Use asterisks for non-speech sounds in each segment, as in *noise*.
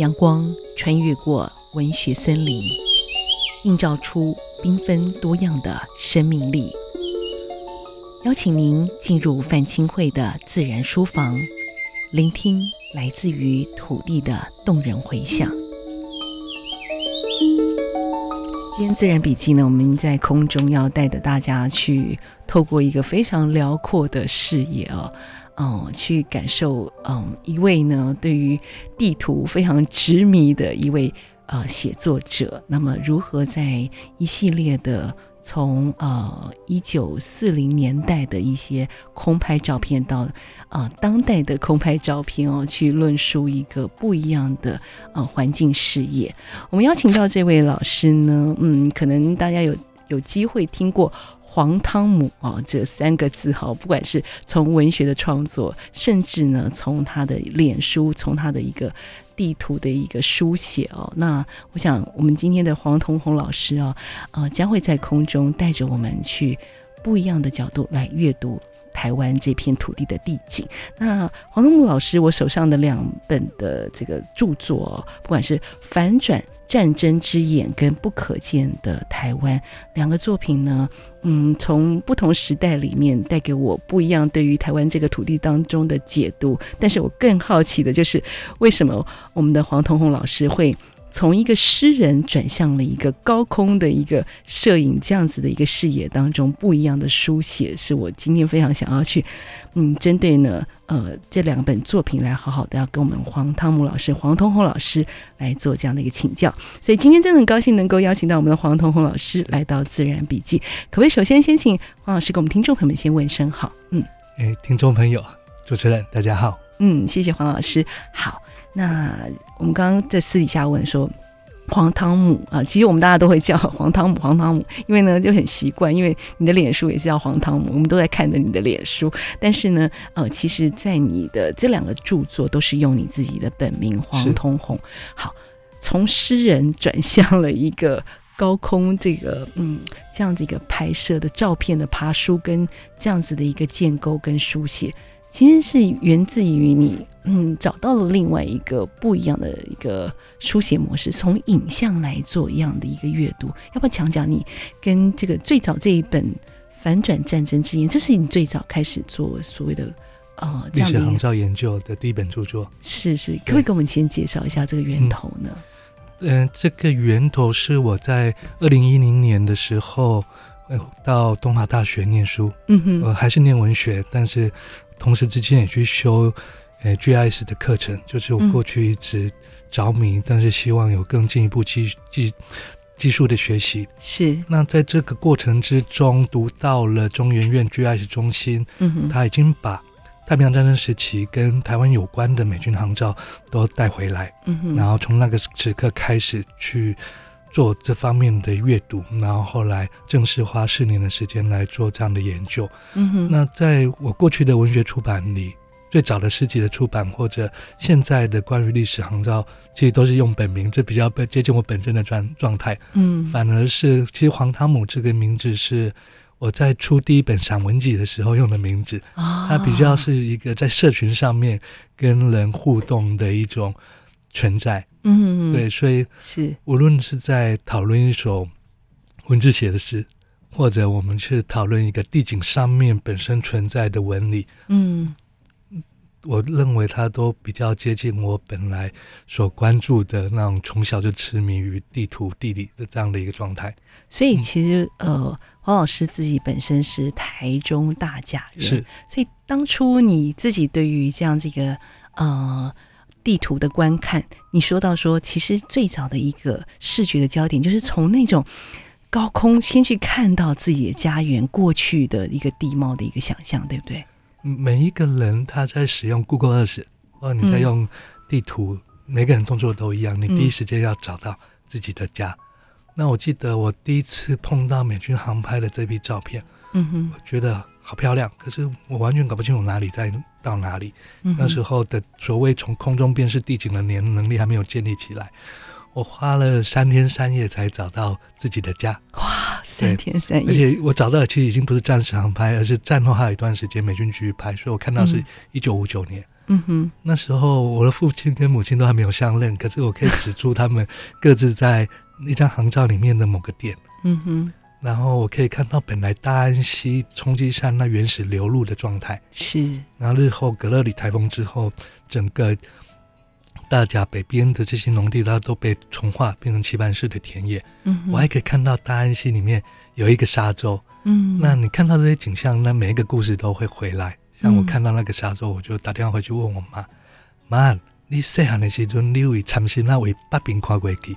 陽光穿越過文學森林，映照出繽紛多樣的生命力。邀請您進入范欽慧的自然書房，聆聽來自於土地的動人回響。今天自然筆記呢，我們在空中要帶着大家去透過一個非常遼闊的視野哦，哦，去感受嗯，一位呢對於地圖非常執迷的一位呃寫作者，那麼如何在一系列的。從呃一九四零年代的一些空拍照片到啊、呃、當代的空拍照片哦，去論述一個不一樣的啊、呃、環境事業。我們邀請到這位老師呢，嗯，可能大家有有機會聽過黃湯姆哦這三個字哈，不管是從文學的創作，甚至呢從他的臉書，從他的一個。地圖的一個書寫哦，那我想我們今天的黃同弘老師哦、啊，呃，將會在空中帶着我們去不一樣的角度來閱讀台灣這片土地的地景。那黃同弘老師，我手上的兩本的這個著作，哦，不管是反轉。《戰爭之眼》跟《不可見的台灣》兩個作品呢，嗯，從不同時代裡面帶給我不一樣對於台灣這個土地當中的解讀。但是我更好奇的就是，為什麼我們的黃同弘老師會從一個詩人轉向了一個高空的一個攝影這樣子的一個視野當中，不一樣的書寫，是我今天非常想要去。嗯，針對呢，呃，這兩本作品來好好的要跟我們黃湯姆老師、黃同弘老師來做這樣的一個請教，所以今天真的很高興能夠邀請到我們的黃同弘老師來到《自然筆記》，可不可以？首先先請黃老師給我們聽眾朋友們先問聲好，嗯，誒，聽眾朋友、主持人大家好，嗯，謝謝黃老師，好，那我們剛剛在私底下問說。黃湯姆啊、呃，其實我們大家都會叫黃湯姆、黃湯姆，因為呢，就很習慣，因為你的臉書也是叫黃湯姆，我們都在看着你的臉書。但是呢，呃，其實，在你的這兩個著作都是用你自己的本名黃同弘。好，從詩人轉向了一個高空，這個嗯，這樣子一個拍攝的照片的爬梳，跟這樣子的一個建構跟書寫。其實是源自於你，嗯，找到了另外一個不一樣的一個書寫模式，從影像來做一樣的一個閱讀。要不要講講你跟這個最早這一本《反轉戰爭之眼》之間，這是你最早開始做所謂的呃、哦、這樣的航照研究的第一本著作？是是，可不可以給我們先介紹一下這個源頭呢？嗯，呃、這個源頭是我在二零一零年的時候。到東華大學念書，我、嗯呃、還是念文學，但是同時之間也去修，呃，GIS 的課程，就是我過去一直着迷、嗯，但是希望有更進一步技技技術的學習。是。那在這個過程之中，讀到了中研院 GIS 中心，嗯哼，他已經把太平洋戰爭時期跟台灣有關的美軍航照都帶回來，嗯哼，然後從那個時刻開始去。做這方面的閱讀，然後後來正式花四年的時間來做這樣的研究。嗯哼，那在我過去的文學出版裡，最早的詩集的出版或者現在的關於歷史航照其實都是用本名，這比較被接近我本身的狀狀態。嗯，反而是其實黃湯姆這個名字是我在出第一本散文集的時候用的名字。啊，它比較是一個在社群上面跟人互動的一種。存在，嗯，對，所以是無論是在討論一首文字寫的詩，或者我們去討論一個地景上面本身存在的紋理，嗯，我認為它都比較接近我本來所關注的那種從小就癡迷於地圖地理的這樣的一個狀態。所以其實，嗯，呃，黃老師自己本身是台中大甲人是，所以當初你自己對於這樣這個呃。地圖的觀看，你說到說，其實最早的一個視覺的焦點，就是從那種高空先去看到自己的家園過去的一個地貌的一個想象，對不對？每一個人他在使用 Google Earth，或者你在用地圖、嗯，每個人動作都一樣，你第一時間要找到自己的家、嗯。那我記得我第一次碰到美軍航拍的這批照片，嗯哼，我覺得好漂亮，可是我完全搞不清楚哪裡在。到哪裡？那時候的所謂從空中辨識地景的能能力還沒有建立起來。我花了三天三夜才找到自己的家。哇，三天三夜！而且我找到的其實已經不是戰時航拍，而是戰後還有一段時間美軍繼續拍，所以我看到是一九五九年嗯。嗯哼，那時候我的父親跟母親都還沒有相認，可是我可以指出他們各自在一張航照裡面的某個點。嗯哼。然後我可以看到，本來大安溪沖積扇，那原始流露的狀態是。然後日後葛樂禮颱風之後，整個大甲北邊的這些農地，它都被重劃變成棋盤式的田野。嗯，我還可以看到大安溪裡面有一個沙洲。嗯，那你看到這些景象，那每一個故事都會回來。像我看到那個沙洲，我就打電話回去問我媽：“嗯、媽，你細漢的時候，你為參選那位北平跨過去，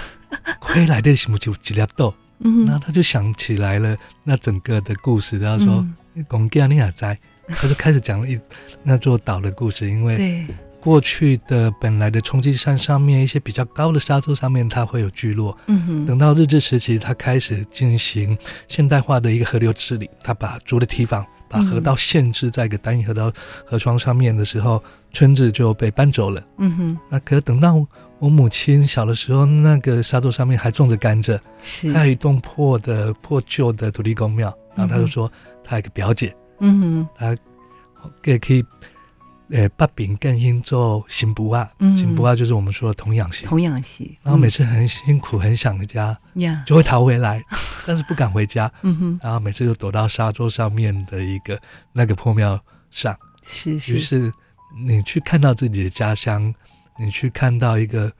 *laughs* 回來的是不就一粒豆？” *noise* 那他就想起來了那整個的故事，他說“嗯、你公吉尼亞寨”，他就開始講了一那座島的故事。因為過去的本來的沖積扇上面一些比較高的沙洲上面，它會有聚落。嗯哼，等到日治時期，他開始進行現代化的一個河流治理，他把築了堤防。把河道限制在一個單一河道河床上面的時候，村子就被搬走了。嗯哼，那可等到我母親小的時候，那個沙洲上面還種着甘蔗，是，還有一棟破的破舊的土地公廟。然後他就說他、嗯、有個表姐，嗯哼，他也可以。可以呃八餅更先做刑不阿，刑不阿就是我們說的童養媳。童養媳，然後每次很辛苦，很想家，嗯，就會逃回來， *laughs* 但是不敢回家。嗯哼，然後每次就躲到沙桌上面的一個那個破廟上。是是，於是你去看到自己的家鄉，你去看到一個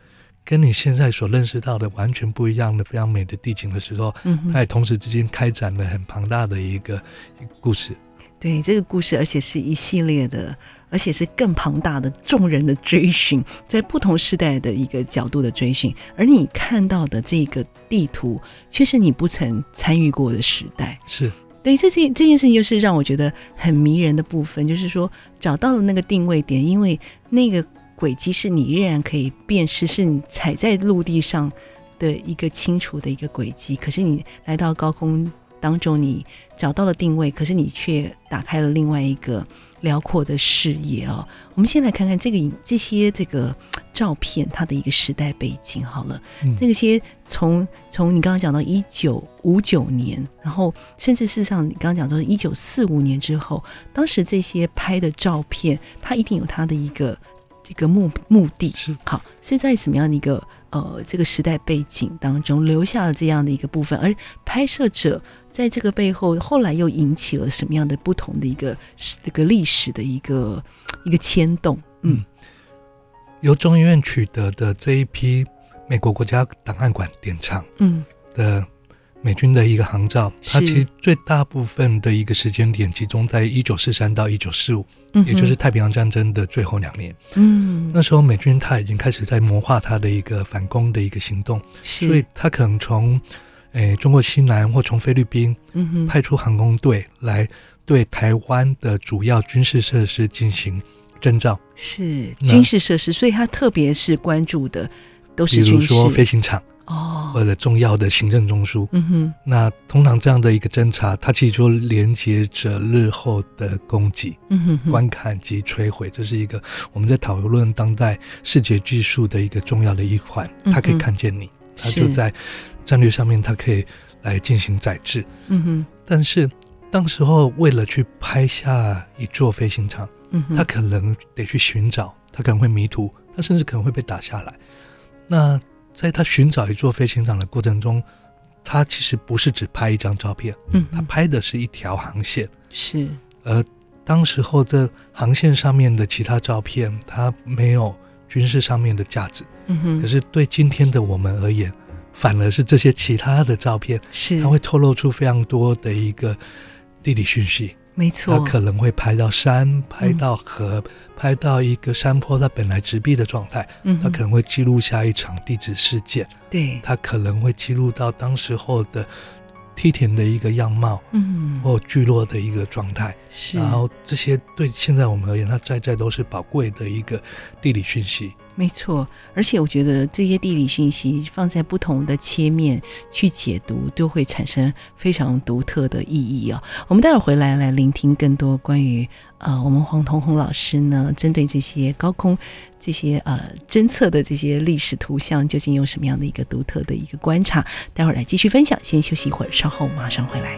跟你現在所認識到的完全不一樣的非常美的地景的時候，嗯哼，它也同時之間開展了很龐大的一個，一個故事。對，這個故事，而且是一系列的。而且是更龐大的眾人的追尋，在不同時代的一個角度的追尋，而你看到的這個地圖，卻是你不曾參與過的時代。是，對這件這件事情，就是讓我覺得很迷人的部分，就是說找到了那個定位點，因為那個軌跡是你仍然可以辨識，是你踩在陸地上的一個清楚的一個軌跡。可是你來到高空當中，你找到了定位，可是你卻打開了另外一個，遼闊的視野哦，我們先來看看這個影這些這個照片，它的一個時代背景好了。嗯、這些從從你剛剛講到一九五九年，然後甚至事實上你剛剛講說一九四五年之後，當時這些拍的照片，它一定有它的一個這個目目的，是。好，是在什麼樣的一個呃這個時代背景當中留下了這樣的一個部分，而拍攝者。在這個背後，後來又引起了什麼樣的不同的一個那、這個歷史的一個一個牽動？嗯，嗯由中研院取得的這一批美國國家檔案館典藏，嗯，的美軍的一個航照、嗯，它其實最大部分的一個時間點集中在一九四三到一九四五，嗯，也就是太平洋戰爭的最後兩年。嗯，那時候美軍它已經開始在謀劃它的一個反攻的一個行動，是，所以它可能從。哎，中國西南或從菲律賓派出航空隊來對台灣的主要軍事設施進行徵兆，是軍事設施，所以他特別是關注的都是比如說飛行場哦，或者重要的行政中樞。嗯、哦、哼，那通常這樣的一個偵查，它其實就連接着日後的攻擊、嗯哼哼、觀看及摧毀，這是一個我們在討論當代視覺技術的一個重要的一環。嗯、它可以看見你，它就在。戰略上面，他可以來進行宰製，嗯哼。但是當時候為了去拍下一座飛行場，嗯哼，他可能得去尋找，他可能會迷途，他甚至可能會被打下來。那在他尋找一座飛行場的過程中，他其實不是只拍一張照片，嗯，他拍的是一條航線，是。而當時候這航線上面的其他照片，它沒有軍事上面的價值，嗯哼。可是對今天的我們而言，反而是這些其他的照片，是它會透露出非常多的一個地理訊息。沒錯，它可能會拍到山，拍到河、嗯，拍到一個山坡，它本來直壁的狀態、嗯，它可能會記錄下一場地質事件。對，它可能會記錄到當時候的。梯田的一個樣貌，嗯，或聚落的一個狀態，嗯，是，然後這些對現在我們而言，它在在都是寶貴的一個地理訊息。沒錯，而且我覺得這些地理訊息放在不同的切面去解讀，都會產生非常獨特的意義啊。我們待會回來來聆聽更多關於。啊、呃，我們黃同弘老師呢，針對這些高空、這些呃偵測的這些歷史圖像，究竟有什麼樣的一個獨特的一個觀察？待會兒來繼續分享，先休息一會兒，稍後我馬上回來。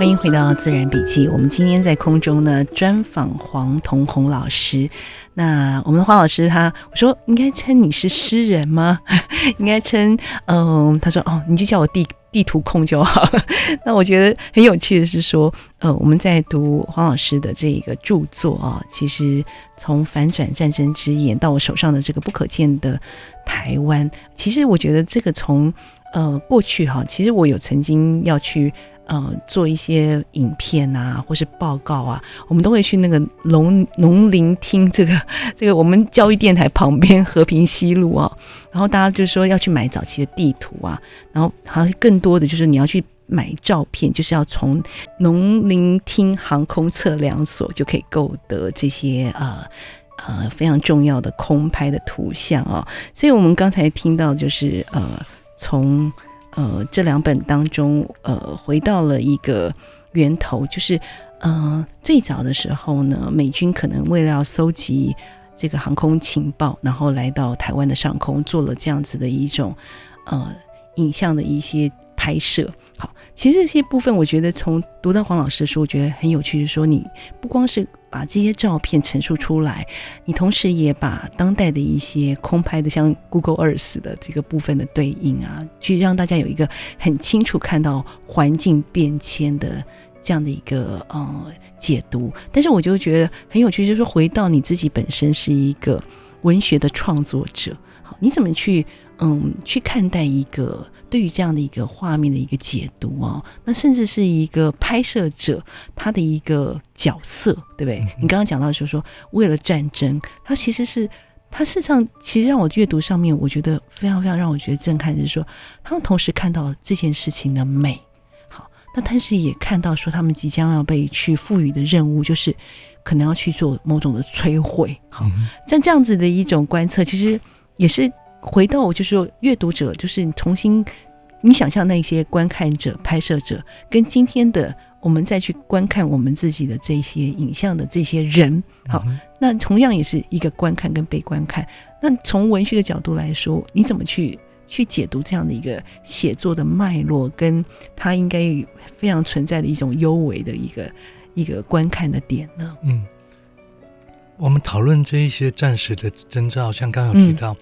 歡迎回到《自然筆記》，我們今天在空中呢專訪黃同弘老師。那我們的黃老師他，我說應該稱你是詩人嗎？ *laughs* 應該稱嗯，他說哦，你就叫我弟。地圖控就好， *laughs* 那我覺得很有趣的是說，呃，我們在讀黃老師的這一個著作啊，其實從《反轉戰爭之眼》到我手上的這個《不可見的台灣》，其實我覺得這個從呃過去哈，其實我有曾經要去。嗯、呃，做一些影片啊，或是報告啊，我們都會去那個農農林廳這個這個我們教育電台旁邊和平西路啊，然後大家就說要去買早期的地圖啊，然後好像更多的就是你要去買照片，就是要從農林廳航空測量所就可以購得這些呃呃非常重要的空拍的圖像啊，哦，所以我們剛才聽到就是呃從。呃，這兩本當中，呃，回到了一個源頭，就是，呃，最早的時候呢，美軍可能為了要蒐集這個航空情報，然後來到台灣的上空，做了這樣子的一種，呃，影像的一些拍攝。好，其實這些部分，我覺得從讀到黃老師的書，我覺得很有趣，就是說你不光是。把這些照片陳述出來，你同時也把當代的一些空拍的，像 Google Earth 的這個部分的對應啊，去讓大家有一個很清楚看到環境變遷的這樣的一個呃、嗯、解讀。但是我就覺得很有趣，就是說回到你自己本身是一個文學的創作者，好，你怎麼去嗯去看待一個？對於這樣的一個畫面的一個解讀哦，那甚至是一個拍攝者他的一個角色，對不對？嗯、你剛剛講到就是說，為了戰爭，他其實是他事實上其實讓我閱讀上面，我覺得非常非常讓我覺得震撼，就是說他們同時看到這件事情的美好，那但是也看到說他們即將要被去賦予的任務，就是可能要去做某種的摧毀。好，像、嗯、這樣子的一種觀測，其實也是。回到我就是說，閱讀者就是你重新你想象那些觀看者、拍攝者，跟今天的我們再去觀看我們自己的這些影像的這些人好，好、嗯，那同樣也是一個觀看跟被觀看。那從文學的角度來說，你怎麼去去解讀這樣的一個寫作的脈絡，跟它應該非常存在的一種幽微的一個一個觀看的點呢？嗯，我們討論這一些暫時的徵兆，像剛剛有提到。嗯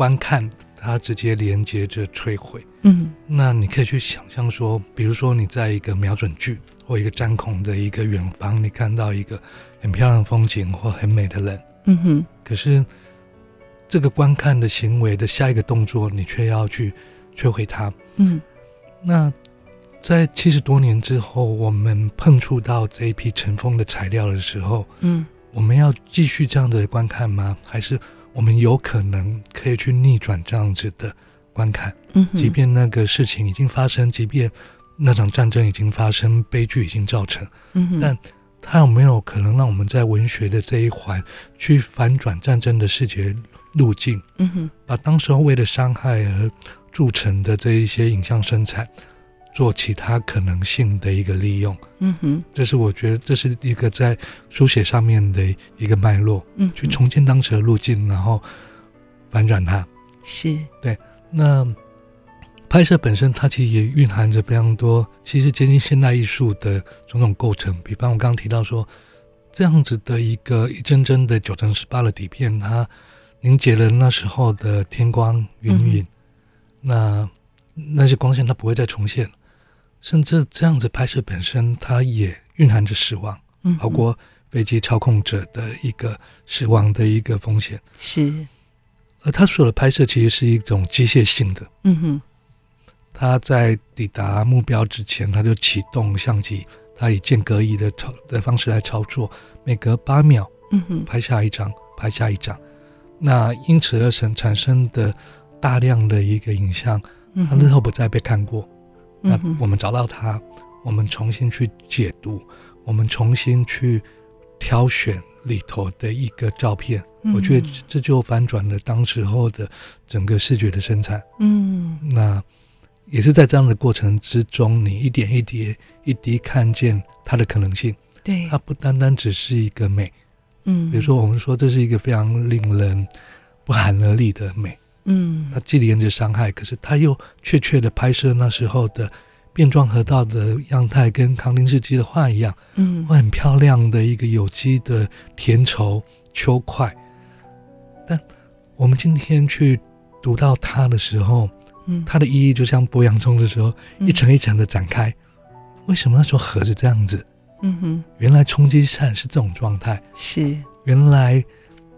觀看它直接連接着摧毀，嗯哼，那你可以去想象說，比如說你在一個瞄準具或一個覘孔的一個遠方，你看到一個很漂亮的風景或很美的人，嗯哼，可是這個觀看的行為的下一個動作，你卻要去摧毀它，嗯，那在七十多年之後，我們碰觸到這一批塵封的材料的時候，嗯，我們要繼續這樣的觀看嗎？還是？我們有可能可以去逆轉這樣子的觀看，即便那個事情已經發生，即便那場戰爭已經發生，悲劇已經造成，但它有沒有可能讓我們在文學的這一環去反轉戰爭的視覺路徑？把當時候為了傷害而鑄成的這一些影像生產，做其他可能性的一個利用，嗯哼，這是我覺得這是一個在書寫上面的一個脈絡，嗯，去重建當時的路徑，然後反轉它，是對。那拍攝本身，它其實也蘊含着非常多，其實接近現代藝術的種種構成。比方我剛剛提到說，這樣子的一個一幀幀的九乘十八的底片，它凝結了那時候的天光雲影。嗯，那那些光線它不會再重現。甚至這樣子拍攝本身，它也蘊含着死亡，嗯、包括飛機操控者的一個死亡的一個風險。是，而他所的拍攝其實是一種機械性的。嗯哼，他在抵達目標之前，他就啟動相機，他以間隔儀的操的方式來操作，每隔八秒，嗯哼，拍下一張，拍下一張。那因此而產產生的大量的一個影像，他日後不再被看過。嗯那我們找到它，嗯，我們重新去解讀，我們重新去挑選裡頭的一個照片，嗯、我覺得這就反轉了當時候的整個視覺的生產。嗯，那也是在這樣的過程之中，你一點一滴一滴看見它的可能性。對，它不單單只是一個美。嗯，比如說我們說這是一個非常令人不寒而慄的美。嗯，它既連着傷害，可是他又確切的拍攝那時候的辮狀河道的樣態，跟康定斯基的畫一樣，嗯，會很漂亮的一個有機的田疇丘塊。但我們今天去讀到它的時候，嗯，它的意義就像剝洋蔥的時候、嗯、一層一層的展開、嗯。為什麼那時候河是這樣子？嗯哼，原來沖積扇是這種狀態。是，原來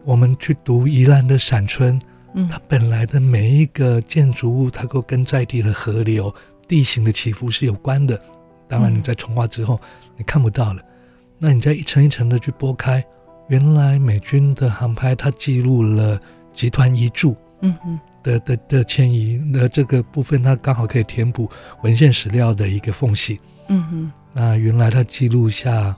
我們去讀宜蘭的閃村。嗯、它本來的每一個建築物，它都跟在地的河流、地形的起伏是有關的。當然，你在重劃之後，你看不到了。嗯、那你再一層一層的去剝開，原來美軍的航拍它記錄了集團移住，嗯哼，的的的遷移的這個部分，它剛好可以填補文獻史料的一個縫隙，嗯哼。那原來它記錄下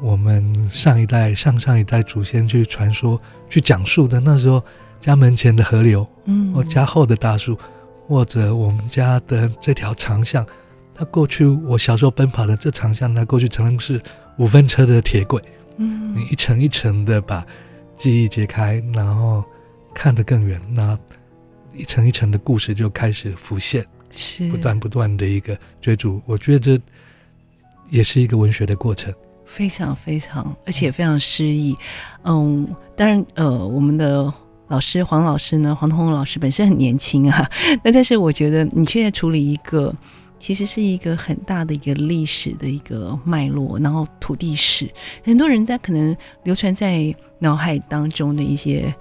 我們上一代、上上一代祖先去傳說、去講述的那時候。家門前的河流，嗯，我家後的大樹、嗯，或者我們家的這條長巷，它過去我小時候奔跑的這長巷，它過去曾經是五分車的鐵軌，嗯，你一層一層的把記憶揭開，然後看得更遠，那一層一層的故事就開始浮現，是不斷不斷的一個追逐，我覺得這也是一個文學的過程，非常非常，而且非常詩意，嗯，當然呃，我們的。老師黃老師呢？黃同弘老師本身很年輕啊，那但是我覺得你卻在處理一個，其實是一個很大的一個歷史的一個脈絡，然後土地史，很多人在可能流傳在腦海當中的一些，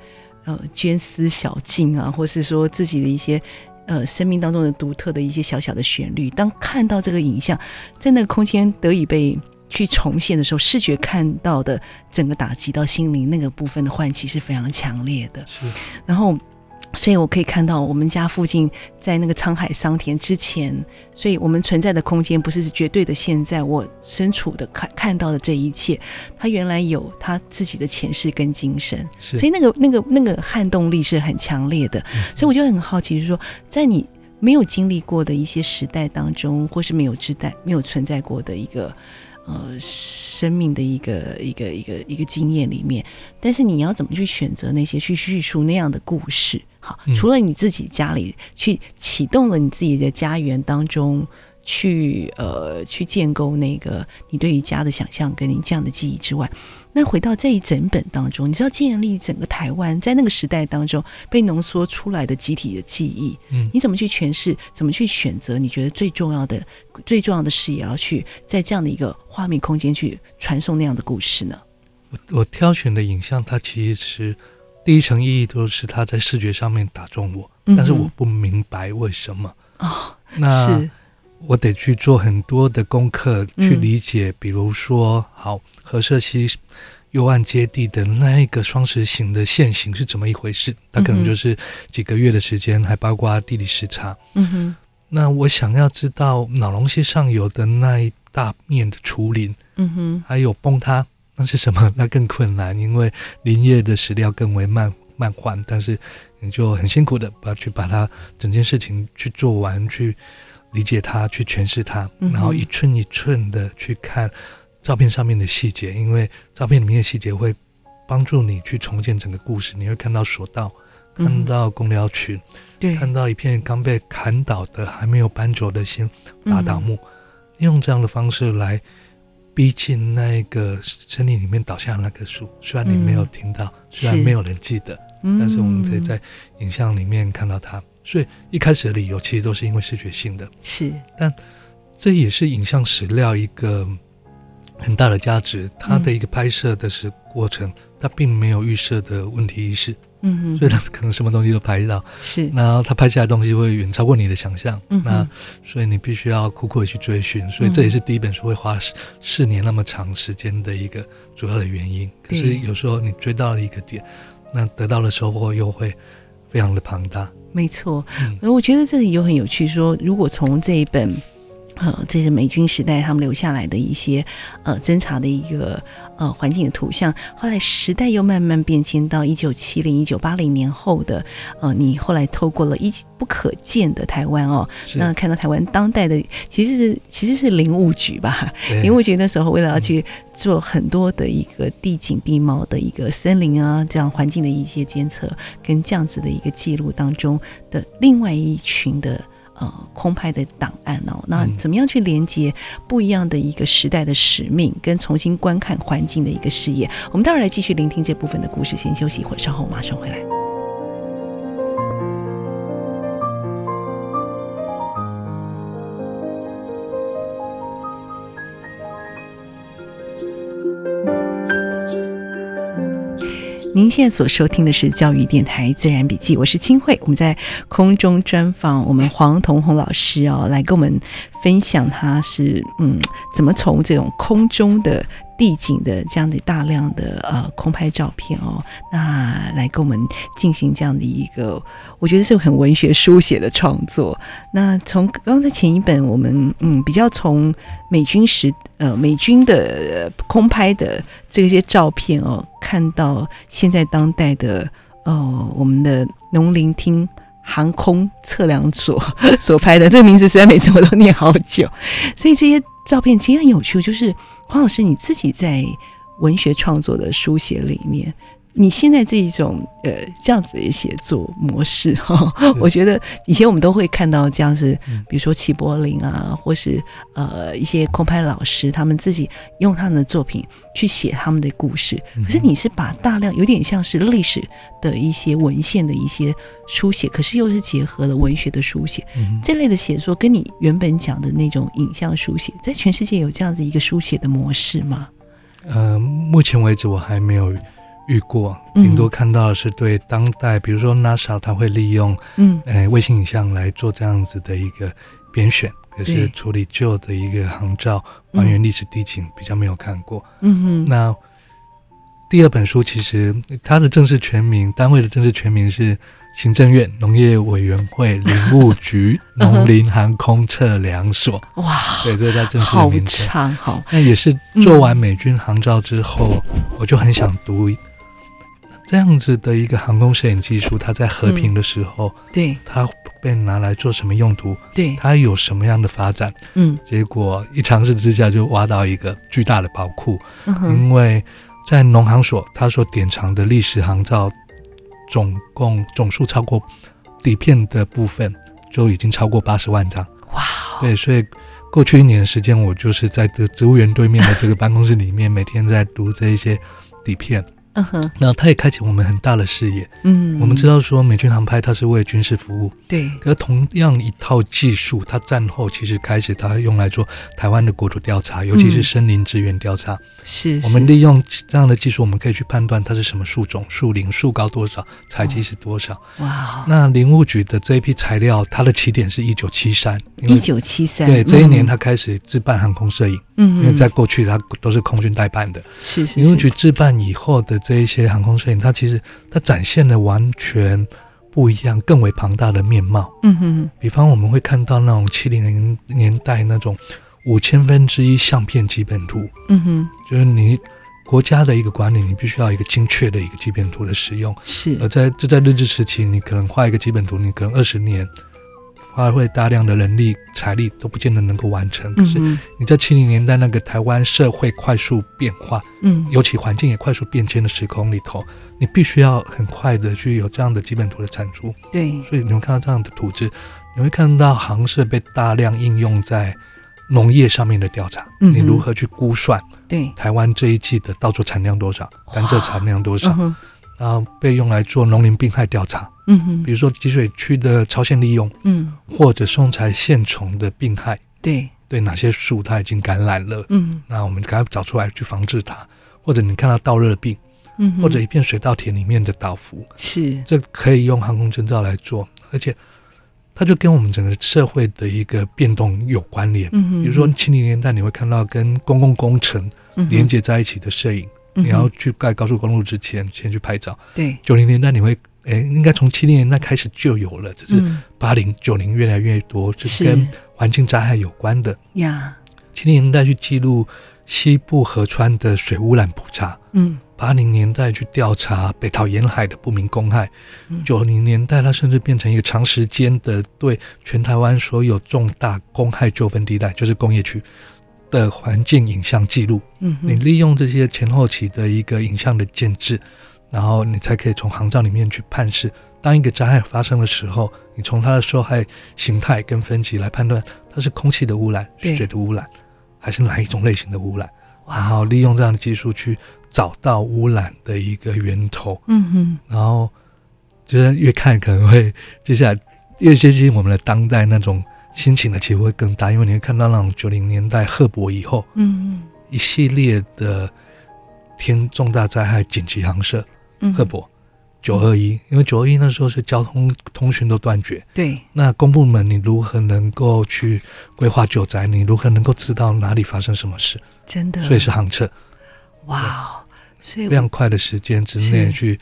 呃，絹絲小徑啊，或是說自己的一些，呃，生命當中的獨特的一些小小的旋律，當看到這個影像，在那個空間得以被。去重現的時候，視覺看到的整個打擊到心靈那個部分的喚起是非常強烈的。是。然後，所以我可以看到，我們家附近在那個滄海桑田之前，所以我們存在的空間不是絕對的。現在我身處的看看到的這一切，它原來有它自己的前世跟精神。是。所以那個那個那個撼動力是很強烈的。嗯。所以我就很好奇，就是說在你沒有經歷過的一些時代當中，或是沒有知代沒有存在過的一個。呃，生命的一個一個一個一個經驗裡面，但是你要怎麼去選擇那些去敘述那樣的故事？好，嗯、除了你自己家裡，去啟動了你自己的家園當中。去呃，、去建構那個你對於家的想象跟你這樣的記憶之外，那回到這一整本當中，你知道建立整個台灣在那個時代當中被濃縮出來的集體的記憶，嗯，你怎麼去詮釋，怎麼去選擇？你覺得最重要的、最重要的事，也要去在這樣的一個畫面空間去傳送那樣的故事呢？我我挑選的影像，它其實是第一層意義，都是它在視覺上面打中我，嗯、但是我不明白為什麼哦，那，是我得去做很多的功課去理解，嗯，比如說，好，核設施右岸接地的那個雙十型的線形是怎麼一回事嗯？它可能就是幾個月的時間，還包括地理時差。嗯哼。那我想要知道，腦龍溪上游的那一大面的竹林，嗯哼，還有崩塌，那是什麼？那更困難，因為林業的史料更為慢、慢緩，但是你就很辛苦的把去把它整件事情去做完去。理解它，去詮釋它，然後一寸一寸的去看照片上面的細節、嗯，因為照片裡面的細節會幫助你去重建整個故事。你會看到索道，看到工寮群、嗯，看到一片剛被砍倒的還沒有搬走的新伐倒木、嗯，用這樣的方式來逼近那個森林裡面倒下的那棵樹。雖然你沒有聽到，嗯、雖然沒有人記得，但是我們可以在影像裡面看到它。所以一開始的理由其實都是因為視覺性的，是。但這也是影像史料一個很大的價值，它的一個拍攝的是過程、嗯，它並沒有預設的問題意識，嗯哼。所以它可能什麼東西都拍到，是。然後它拍下來的東西會遠超過你的想象、嗯，那所以你必須要苦苦的去追尋。所以這也是第一本書會花四年那麼長時間的一個主要的原因、嗯。可是有時候你追到了一個點，那得到的收穫又會非常的龐大。沒錯，我覺得這個也很有趣。說如果從這一本。呃，這是美軍時代他們留下來的一些呃偵察的一個呃環境的圖像。後來時代又慢慢變遷到一九七零一九八零年後的呃，你後來透過了一不可見的台灣哦，那看到台灣當代的其實是其實是林務局吧？林務局那時候為了要去做很多的一個地景、地貌的一個森林啊、嗯、這樣環境的一些監測跟這樣子的一個記錄當中的另外一群的。呃，空拍的檔案哦，那怎麼樣去連接不一樣的一個時代的使命，嗯、跟重新觀看環境的一個視野？我們待會兒來繼續聆聽這部分的故事，先休息一會兒，稍後馬上回來。您現在所收聽的是教育電台《自然筆記》，我是清慧，我們在空中專訪我們黃同弘老師哦，來跟我們。分享他是嗯，怎麼從這種空中的地景的這樣的大量的呃空拍照片哦，那來跟我們進行這樣的一個，我覺得是很文學書寫的創作。那從剛才前一本，我們嗯比較從美軍時呃美軍的空拍的這些照片哦，看到現在當代的呃我們的農林廳，航空測量所所拍的這個名字實在，每次我都念好久。所以這些照片其實很有趣，就是黃老師你自己在文學創作的書寫裡面，你現在這一種呃這樣子的寫作模式哈， *laughs* 我覺得以前我們都會看到這樣子，比如說齊柏林啊，或是呃一些空拍老師，他們自己用他們的作品去寫他們的故事。嗯、可是你是把大量有點像是歷史的一些文獻的一些書寫，可是又是結合了文學的書寫、嗯、這類的寫作，跟你原本講的那種影像書寫，在全世界有這樣子一個書寫的模式嗎？呃，目前為止我還沒有遇過，頂多看到的是對當代，嗯、比如說 NASA，他會利用嗯，誒、呃，衛星影像來做這樣子的一個編選，可、嗯、是處理舊的一個航照，嗯、還原歷史地景比較沒有看過。嗯哼。那第二本書其實它的正式全名，單位的正式全名是行政院農業委員會林務局農林航空測量所。哇，對，這是它正式的名稱。好長好。那也是做完美軍航照之後，嗯、我就很想讀。這樣子的一個航空攝影技術，它在和平的時候，嗯、對它被拿來做什麼用途？對它有什麼樣的發展？嗯，結果一嘗試之下就挖到一個巨大的寶庫，嗯，因為在農航所，它所典藏的歷史航照總共總數超過底片的部分就已經超過八十萬張。哇、哦！對，所以過去一年的時間，我就是在這植物園對面的這個辦公室裡面，每天在讀這一些底片。 *laughs* 那他也開啟我們很大的視野。嗯，我們知道說美軍航拍它是為軍事服務，對。可同樣一套技術，它戰後其實開始它會用來做台灣的國土調查，尤其是森林資源調查。是、嗯。我們利用這樣的技術，我們可以去判斷它是什麼樹種、樹齡樹高多少、材積是多少。哦、哇。那林務局的這一批材料，它的起點是一九七三。一九七三。對，這一年他開始自辦航空攝影。嗯，嗯。因為在過去他都是空軍代辦的。是是，是。林務局自辦以後的。這一些航空攝影，它其實它展現了完全不一樣，更為龐大的面貌。嗯哼，比方我們會看到那種七零年代那種五千分之一相片基本圖。嗯哼，就是你國家的一個管理，你必須要一個精確的一個基本圖的使用。是，而在就在日治時期，你可能畫一個基本圖，你可能二十年。花費大量的人力財力都不見得能夠完成、嗯。可是你在七零年代那個台灣社會快速變化，嗯，尤其環境也快速變遷的時空裡頭，你必須要很快的去有這樣的基本圖的產出。對，所以你們看到這樣的圖紙，你會看到航攝被大量應用在農業上面的調查、嗯。你如何去估算？對，台灣這一季的稻作產量多少，甘蔗產量多少，嗯、然後被用來做農林病害調查。嗯哼，比如說集水區的超限利用，嗯，或者松材線蟲的病害，對對，哪些樹它已經感染了，嗯，那我們趕快找出來去防治它，或者你看到稻熱病，嗯，或者一片水稻田裡面的倒伏，是、嗯，這可以用航空偵察來做，而且它就跟我們整個社會的一個變動有關聯，嗯哼，比如說七零年代你會看到跟公共工程連接在一起的攝影，嗯、你要去蓋高速公路之前先去拍照，對、嗯，九零年代你會。哎，應該從七零年代開始就有了，只是八零、九零越來越多，是跟環境災害有關的呀。七零、yeah. 年代去記錄西部河川的水污染普查，嗯，八零年代去調查北桃沿海的不明公害，九、嗯、零年代它甚至變成一個長時間的對全台灣所有重大公害糾紛地帶，就是工業區的環境影像記錄。嗯，你利用這些前後期的一個影像的建制。然後你才可以從航照裡面去判識，當一個災害發生的時候，你從它的受害形態跟分級來判斷它是空氣的污染、水的污染，還是哪一種類型的污染。哇。然後利用這樣的技術去找到污染的一個源頭。嗯嗯。然後就是越看可能會接下來越接近我們的當代，那種心情的起伏會更大，因為你會看到那種九零年代賀伯以後，嗯嗯，一系列的天重大災害緊急航攝。赫博，九二一，因為九二一那時候是交通通訊都斷絕，對，那公部門你如何能夠去規劃救災？你如何能夠知道哪裡發生什麼事？真的，所以是航測哇，所以非常快的時間之內去，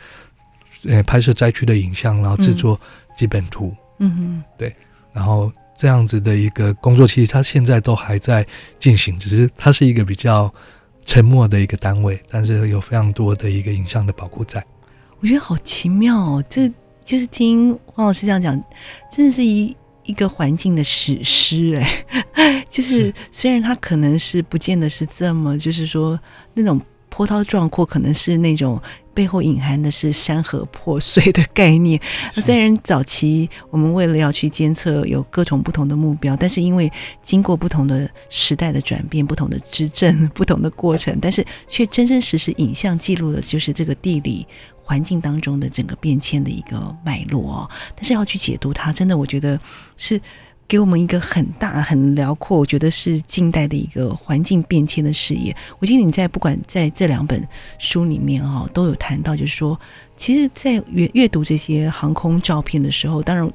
呃、欸，拍攝災區的影像，然後制作基本圖，嗯嗯，對，然後這樣子的一個工作，其實它現在都還在進行，只是它是一個比較。沉默的一個單位，但是有非常多的一個影像的保護在。我覺得好奇妙哦，這就是聽黃老師這樣講，真的是一一個環境的史詩哎。就是，是。雖然它可能是不見得是這麼，就是說那種波濤壯闊，可能是那種。背後隱含的是山河破碎的概念。那，雖然早期我們為了要去監測有各種不同的目標，但是因為經過不同的時代的轉變、不同的執政、不同的過程，但是卻真真實實影像記錄的就是這個地理環境當中的整個變遷的一個脈絡。哦，但是要去解讀它，真的，我覺得是。給我們一個很大，很遼闊，我覺得是近代的一個環境變遷的視野。我記得你在不管在這兩本書裡面哈、哦，都有談到，就是說，其實，在閱閱讀這些航空照片的時候，當然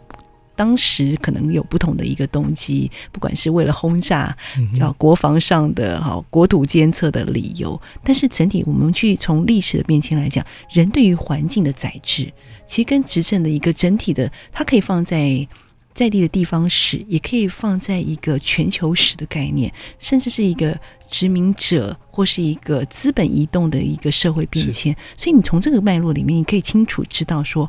當時可能有不同的一個動機，不管是為了轟炸，叫國防上的哈國土監測的理由，但是整體我們去從歷史的變遷來講，人對於環境的宰制，其實跟執政的一個整體的，它可以放在。在地的地方史，也可以放在一個全球史的概念，甚至是一個殖民者或是一個資本移動的一個社會變遷。所以，你從這個脈絡裡面，你可以清楚知道說，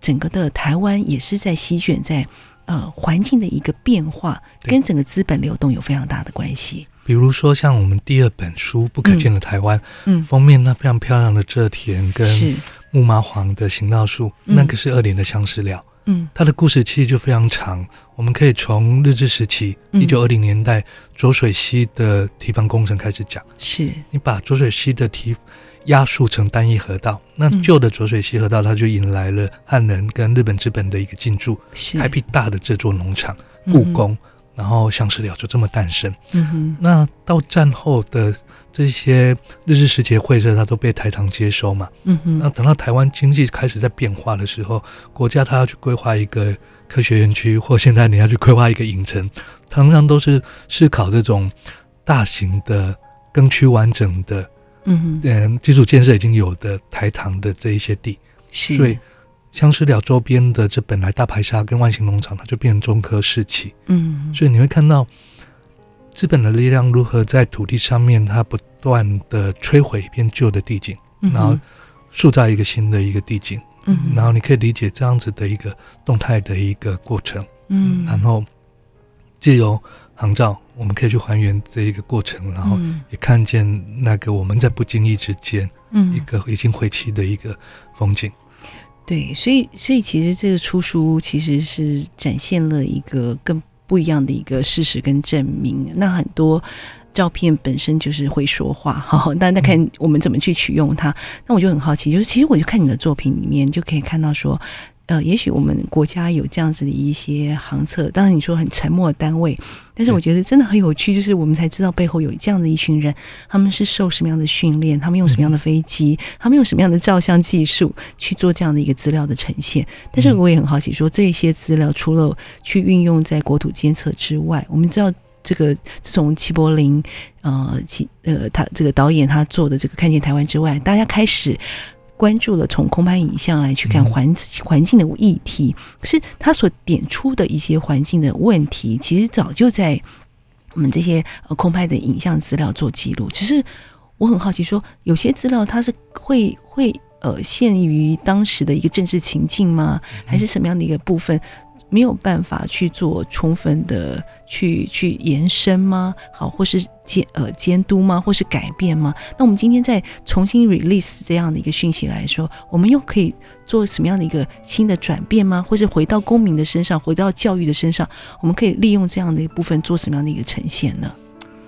整個的台灣也是在席卷在呃環境的一個變化，跟整個資本流動有非常大的關係。比如說，像我們第二本書《不可見的台灣》，嗯，封面那非常漂亮的蔗田跟木麻黃的行道樹，那個是二林的相思寮。嗯嗯，它的故事其實就非常長，我們可以從日治時期，一九二零年代濁水溪的堤防工程開始講。是你把濁水溪的堤壓縮成單一河道，那舊的濁水溪河道它就引來了漢人跟日本資本的一個進駐，開闢大的這座農場、故宮、嗯，然後相思寮就這麼誕生。嗯哼，那到戰後的。這些日治時期會社，它都被台糖接收嘛？嗯那、啊、等到台灣經濟開始在變化的時候，國家它要去規劃一個科學園區，或現在你要去規劃一個影城，常常都是思考這種大型的、更區完整的，嗯哼。嗯，基礎建設已經有的台糖的這一些地，是。所以，相思寮周邊的這本來大排沙跟萬興農場，它就變成中科四期。嗯哼。所以你會看到。資本的力量如何在土地上面，它不斷的摧毀一片舊的地景，嗯，然後塑造一個新的一個地景，嗯，然後你可以理解這樣子的一個動態的一個過程，嗯，然後借由航照，我們可以去還原這一個過程，然後也看見那個我們在不經意之間，嗯，一個已經毀棄的一個風景，嗯嗯、對，所以所以其實這個出書其實是展現了一個更。不一樣的一個事實跟證明，那很多照片本身就是會說話，好，那那看我們怎麼去取用它，那我就很好奇，就是其實我就看你的作品裡面就可以看到說。呃，也許我們國家有這樣子的一些航測，當然你說很沉默的單位，但是我覺得真的很有趣，就是我們才知道背後有這樣的一群人，他們是受什麼樣的訓練，他們用什麼樣的飛機，他們用什麼樣的照相技術去做這樣的一個資料的呈現。但是我也很好奇說，說這些資料除了去運用在國土監測之外，我們知道這個自從齊柏林呃，齊呃他這個導演他做的這個看見台灣之外，大家開始，關注了從空拍影像來去看環環境的議題，可是他所點出的一些環境的問題，其實早就在我們這些呃空拍的影像資料做記錄。只是我很好奇說，說有些資料它是會會呃限於當時的一個政治情境嗎？還是什麼樣的一個部分？沒有辦法去做充分的去去延伸嗎？好，或是監呃監督嗎？或是改變嗎？那我們今天再重新 release 這樣的一個訊息來說，我們又可以做什麼樣的一個新的轉變嗎？或是回到公民的身上，回到教育的身上，我們可以利用這樣的一部分做什麼樣的一個呈現呢？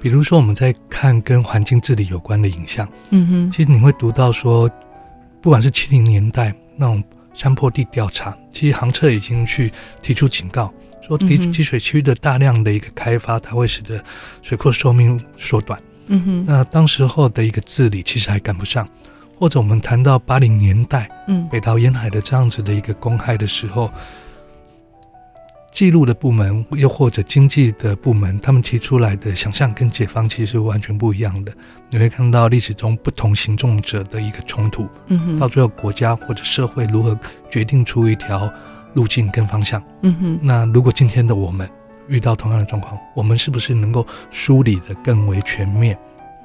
比如說，我們在看跟環境治理有關的影像，嗯哼，其實你會讀到說，不管是七零年代那種。山坡地調查，其實航測已經去提出警告，說的集水區的大量的一個開發，它會使得水庫壽命縮短。嗯哼，那當時候的一個治理其實還趕不上，或者我們談到八零年代，嗯，北島沿海的這樣子的一個公害的時候。記錄的部門，又或者經濟的部門，他們提出來的想象跟解方其實是完全不一樣的。你會看到歷史中不同行動者的一個衝突，嗯哼，到最後國家或者社會如何決定出一條路徑跟方向，嗯哼。那如果今天的我們遇到同樣的狀況，我們是不是能夠梳理得更為全面？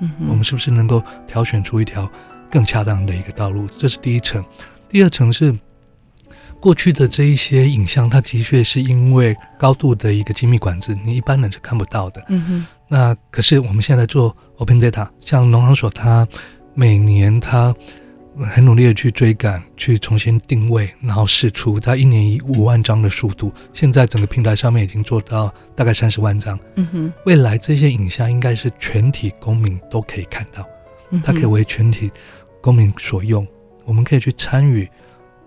嗯哼，我們是不是能夠挑選出一條更恰當的一個道路？這是第一層，第二層是。過去的這一些影像，它的確是因為高度的一個精密管制，你一般人是看不到的。嗯哼。那可是我們現在做 Open Data，像農航所，它每年它很努力的去追趕，去重新定位，然後釋出，它一年以五萬張的速度，現在整個平台上面已經做到大概三十萬張。嗯哼。未來這些影像應該是全體公民都可以看到，它可以為全體公民所用，我們可以去參與。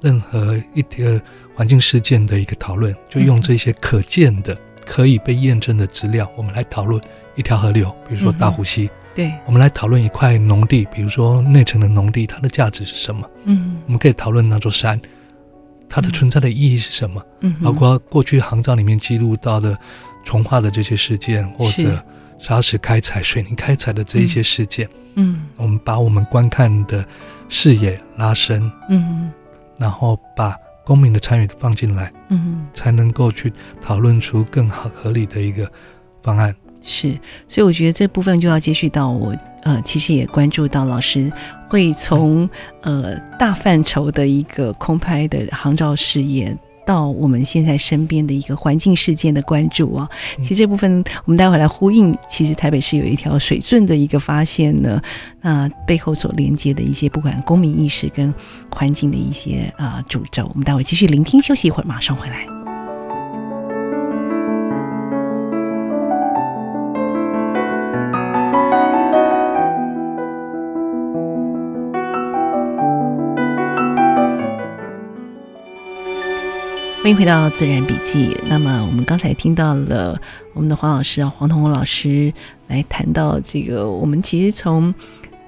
任何一個環境事件的一個討論，就用這些可見的、嗯、可以被驗證的資料，我們來討論一條河流，比如說大湖溪、嗯；對，我們來討論一塊農地，比如說內城的農地，它的價值是什麼？嗯，我們可以討論那座山，它的存在的意義是什麼？嗯、包括過去航照裡面記錄到的重劃的這些事件，或者砂石開採、水泥開採的這一些事件。嗯，我們把我們觀看的視野拉伸。嗯。然後把公民的參與放進來，嗯哼，才能夠去討論出更好合理的一個方案。是，所以我覺得這部分就要接續到我，呃，其實也關注到老師會從、嗯、呃大範疇的一個空拍的航照事業到我們現在身邊的一個環境事件的關注啊，其實這部分我們待會來呼應。其實台北市有一條水圳的一個發現呢，那、呃、背後所連接的一些不管公民意識跟環境的一些啊主軸，我們待會繼續聆聽，休息一會兒，馬上回來。歡迎回到自然筆記。那麼，我們剛才聽到了我們的黃老師，黃同弘老師來談到這個。我們其實從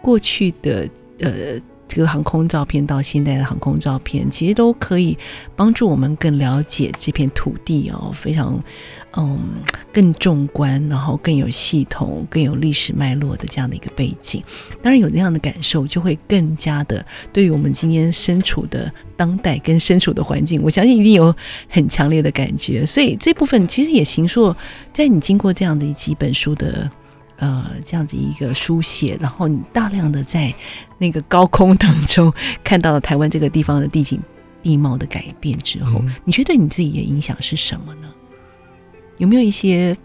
過去的呃。這個航空照片到現代的航空照片，其實都可以幫助我們更了解這片土地哦，非常嗯更宏觀，然後更有系統、更有歷史脈絡的這樣的一個背景。當然有那樣的感受，就會更加的對於我們今天身處的當代跟身處的環境，我相信一定有很強烈的感覺。所以這部分其實也行說，在你經過這樣的一幾本書的。呃，這樣子一個書寫，然後你大量的在那個高空當中看到了台灣這個地方的地景、地貌的改變之後，嗯、你覺得對你自己的影響是什麼呢？有沒有一些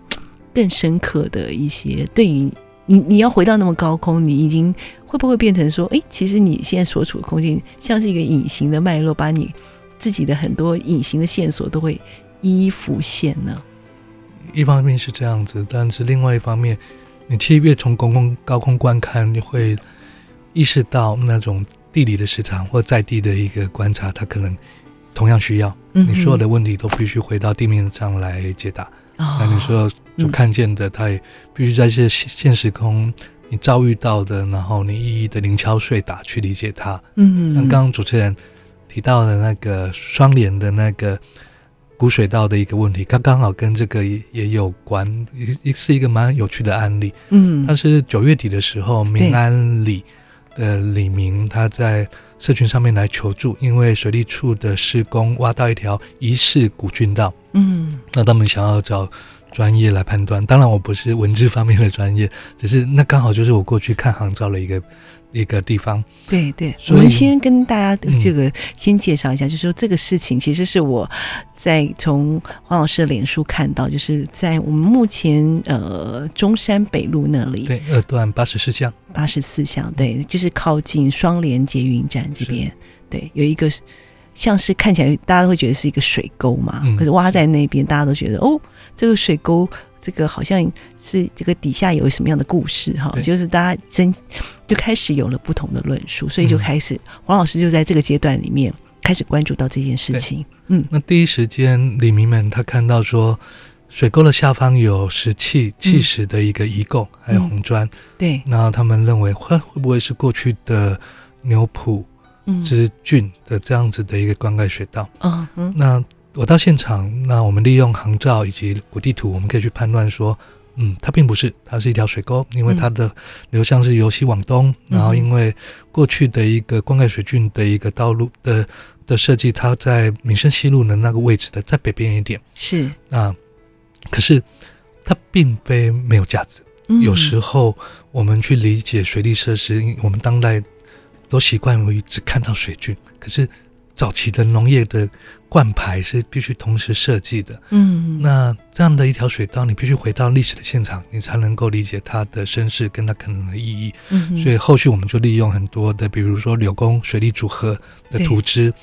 更深刻的一些？對於你，你要回到那麼高空，你已經會不會變成說，哎、欸，其實你現在所處的空間像是一個隱形的脈絡，把你自己的很多隱形的線索都會一一浮現呢？一方面是這樣子，但是另外一方面。你七月從公共高空觀看，你會意識到那種地理的時長或在地的一個觀察，它可能同樣需要。你所有的問題都必須回到地面上來解答。嗯、那你說就看見的，它也必須在這現現實空你遭遇到的，然後你一一的零敲碎打去理解它。嗯，嗯，剛剛主持人提到的那個雙連的那個。古水道的一個問題，剛剛好跟這個也有關，是一個蠻有趣的案例。嗯，他是九月底的時候，明安里的李明他在社群上面來求助，因為水利處的施工挖到一條疑似古圳道。嗯，那他們想要找專業來判斷，當然我不是文字方面的專業，只是那剛好就是我過去看航照了一個。一個地方，對對，我們先跟大家這個先介紹一下、嗯，就是說這個事情其實是我在從黃老師的臉書看到，就是在我們目前呃中山北路那裡，對，二段八十四巷，八十四巷，對，就是靠近雙連捷運站這邊，對，有一個像是看起來大家都會覺得是一個水溝嘛，嗯、可是挖在那邊，大家都覺得哦，這個水溝。這個好像是這個底下有什麼樣的故事哈，就是大家真就開始有了不同的論述，所以就開始黃、嗯、老師就在這個階段裡面開始關注到這件事情。嗯，那第一時間，李明們他看到說水溝的下方有石器、器石的一個遺構、嗯，還有紅磚。對、嗯，那他們認為會會不會是過去的牛埔之郡的這樣子的一個灌溉水道？嗯，那。我到現場，那我們利用航照以及古地圖，我們可以去判斷說，嗯，它並不是，它是一條水溝，因為它的流向是由西往東、嗯，然後因為過去的一個灌溉水圳的一個道路的的設計，它在民生西路的那個位置的，在北邊一點，是。那、啊、可是它並非沒有價值、嗯，有時候我們去理解水利設施，因為我們當代都習慣於只看到水圳，可是早期的農業的。灌排是必須同時設計的，嗯，那這樣的一條水道，你必須回到歷史的現場，你才能夠理解它的身世跟它可能的意義。嗯，所以後續我們就利用很多的，比如說柳工水利組合的圖紙，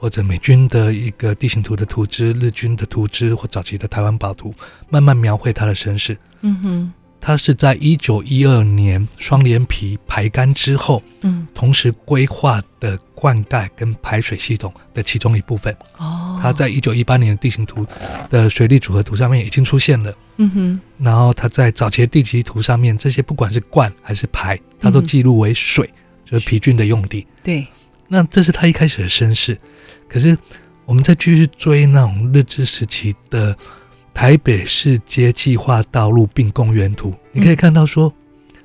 或者美軍的一個地形圖的圖紙，日軍的圖紙或早期的台灣堡圖，慢慢描繪他的身世。嗯哼。它是在一九一二年雙連埤排乾之後，嗯，同時規劃的灌溉跟排水系統的其中一部分。哦，它在一九一八年的地形圖的水利組合圖上面已經出現了。嗯哼，然後它在早期的地籍圖上面，這些不管是灌還是排，它都記錄為水、嗯，就是埤圳的用地。對，那這是它一開始的身世。可是，我們再繼續追那種日治時期的，台北市街計劃道路並公園圖，嗯，你可以看到說，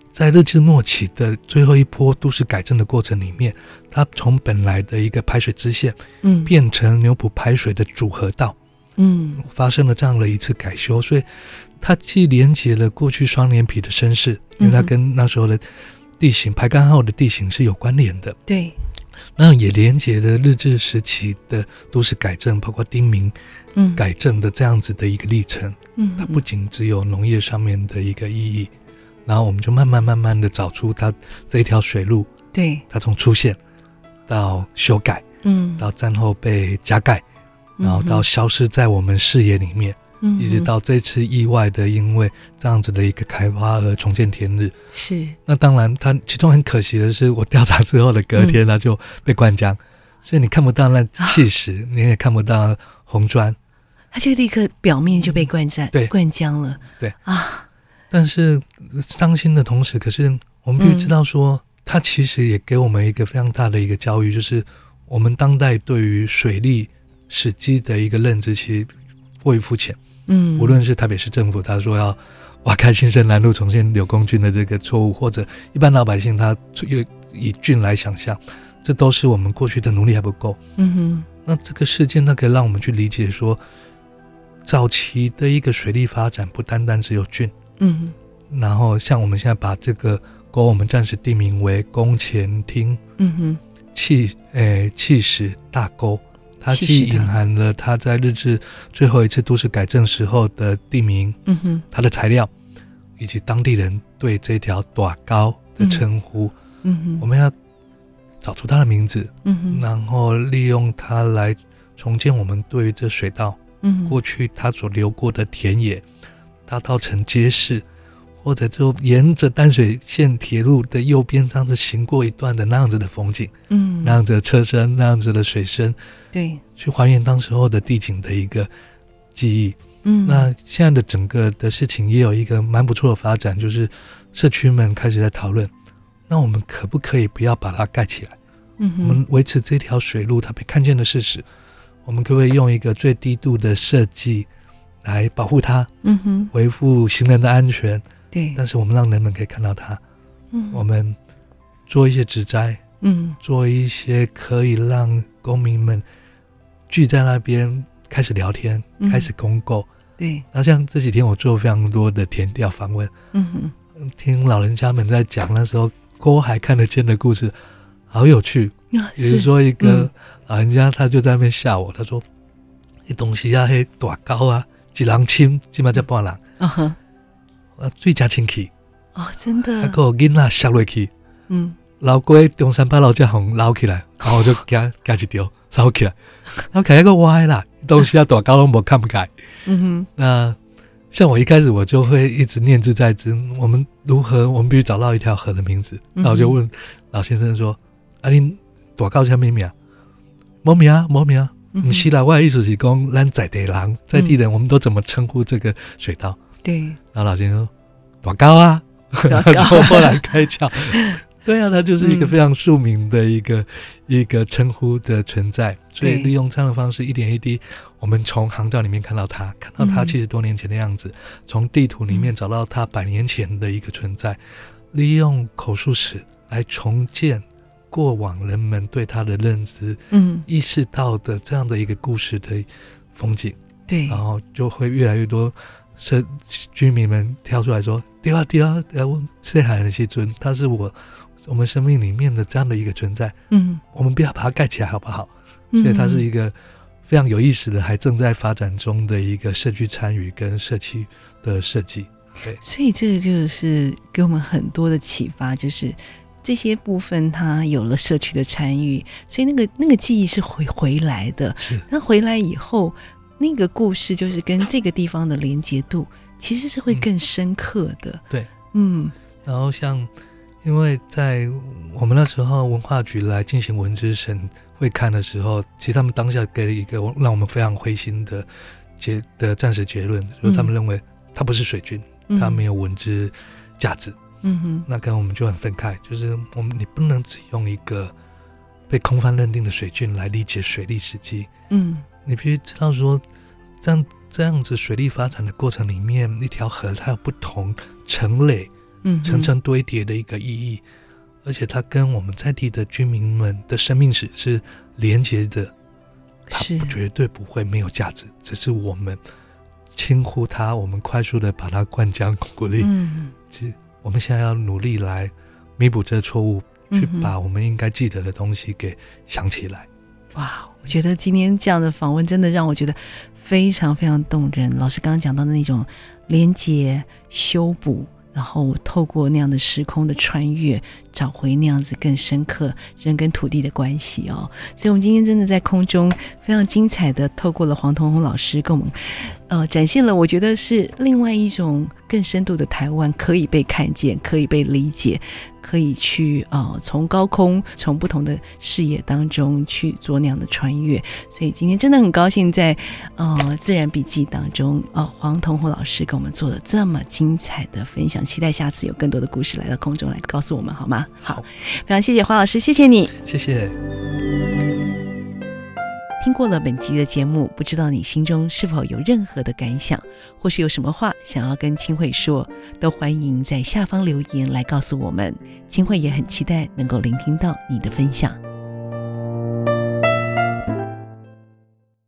在日治末期的最後一波都市改正的過程裡面，它從本來的一個排水支線，嗯，變成牛埔排水的主河道，嗯，發生了這樣的一次改修，所以它既連接了過去雙連埤的身世，因為它跟那時候的地形排乾後的地形是有關聯的，對，那也連接了日治時期的都市改正，包括町名。嗯、改正的這樣子的一個歷程嗯，嗯，它不僅只有農業上面的一個意義，然後我們就慢慢慢慢的找出它這一條水路，對，它從出現到修改，嗯，到戰後被加蓋，然後到消失在我們視野裡面嗯，嗯，一直到這次意外的因為這樣子的一個開發而重見天日，是。那當然，它其中很可惜的是，我調查之後的隔天、嗯、它就被灌漿。所以你看不到那砌石、啊，你也看不到紅磚。他就立刻表面就被灌漿，嗯，灌漿了。對啊，但是傷心的同時，可是我們必須知道說，說、嗯、他其實也給我們一個非常大的一個教育，就是我們當代對於水利史蹟的一個認知，其實過於膚淺。嗯，無論是台北市政府他說要挖開新生南路重現瑠公圳的這個錯誤，或者一般老百姓他又以圳來想象，這都是我們過去的努力還不夠。嗯哼，那這個事件，它可以讓我們去理解說。早期的一個水利發展不單單只有郡。嗯哼，然後像我們現在把這個溝，我們暫時定名為宮前町，嗯哼，砌誒砌石大溝，它既隱含了它在日治最後一次都市改正時候的地名，嗯哼，它的材料，以及當地人對這條短溝的稱呼，嗯哼，我們要找出它的名字，嗯哼，然後利用它來重建我們對於這水道。嗯，過去它所流過的田野、大道、成街市，或者就沿着淡水線鐵路的右邊上，是行過一段的那樣子的風景，嗯，那樣子的車身、那樣子的水深，對，去還原當時候的地景的一個記憶。嗯，那現在的整個的事情也有一個蠻不錯的發展，就是社區們開始在討論，那我們可不可以不要把它蓋起來？嗯，我們維持這條水路，它被看見的事實。我們可不可以用一個最低度的設計來保護它？嗯哼，維護行人的安全。對，但是我們讓人們可以看到它。嗯，我們做一些植栽。嗯，做一些可以讓公民們聚在那邊開始聊天、嗯、開始公購。對。那像這幾天我做非常多的田調訪問。嗯哼，聽老人家們在講那時候溝還看得見的故事。好有趣，比如說一個老人家，他就在那邊嚇我。他說：“你東西啊，嘿大溝啊，幾郎、哦、清起碼才半郎，啊哈最佳親戚。」哦，真的。那個囡仔笑落去，嗯，老龜中山八老遮紅撈起來，然後我就加加、哦、一條撈起來，看那個歪啦，東西啊大溝都沒看不開，嗯哼。那像我一開始我就會一直念茲在茲。我們如何，我們必須找到一條河的名字。然後我就問老先生說。”啊，你多高叫咩名？毛名啊，毛名啊！嗯，不是啦，我的意思是講，咱在地人，在地人，嗯、我們都怎麼稱呼這個水道？對。然後老先生說、啊：“多高啊？”後 *laughs* 說：“後來開竅。 *laughs* ”對啊，他就是一個非常著名的一個、嗯、一個稱呼的存在。所以利用這樣的方式，一點一滴，我們從航照裡面看到他，看到他七十多年前的樣子；從、嗯嗯、地圖裡面找到他百年前的一個存在；利用口述史來重建。過往人們對他的認知，嗯，意識到的這樣的一個故事的風景，嗯、對，然後就會越來越多社居民們跳出來說：“對啊，對啊，要問、啊，這海的西村，它是我我們生命裡面的這樣的一個存在，嗯，我們不要把它蓋起來，好不好、嗯？”所以它是一個非常有意思的，還正在發展中的一個社區參與跟社區的設計。對，所以這個就是給我們很多的啟發，就是。這些部分，他有了社區的參與，所以那個那個記憶是回回來的。是。那回來以後，那個故事就是跟這個地方的連結度其實是會更深刻的。嗯、對，嗯。然後像，因為在我們那時候文化局來進行文資審會看的時候，其實他們當下給了一個讓我們非常灰心的結的暫時結論，就是他們認為它不是水圳，它、嗯、沒有文資價值。嗯哼，那跟我們就很分開，就是我們你不能只用一個被空翻認定的水圳來理解水利史蹟。嗯，你必須知道說，這樣這樣子水利發展的過程裡面，那條河它有不同層累，層層堆疊的一個意義，嗯，而且它跟我們在地的居民們的生命史是連接的，是絕對不會沒有價值，只是我們輕忽它，我們快速的把它灌漿，鼓勵，嗯，我們現在要努力來彌補這個錯誤，去把我們應該記得的東西給想起來、嗯。哇，我覺得今天這樣的訪問真的讓我覺得非常非常動人。老師剛剛講到的那種連接修補。然後我透過那樣的時空的穿越，找回那樣子更深刻人跟土地的關係哦。所以，我們今天真的在空中非常精彩的透過了黃同弘老師，跟我們，呃，展現了我覺得是另外一種更深度的台灣可以被看見，可以被理解。可以去啊、呃，從高空，從不同的視野當中去做那樣的穿越。所以今天真的很高興在，在呃自然筆記當中，呃、黃同弘老師給我們做了這麼精彩的分享。期待下次有更多的故事來到空中來告訴我們，好嗎？好，好非常謝謝黃老師，謝謝你，謝謝。聽過了本集的節目，不知道你心中是否有任何的感想，或是有什麼話想要跟清慧說，都歡迎在下方留言來告訴我們。清慧也很期待能夠聆聽到你的分享。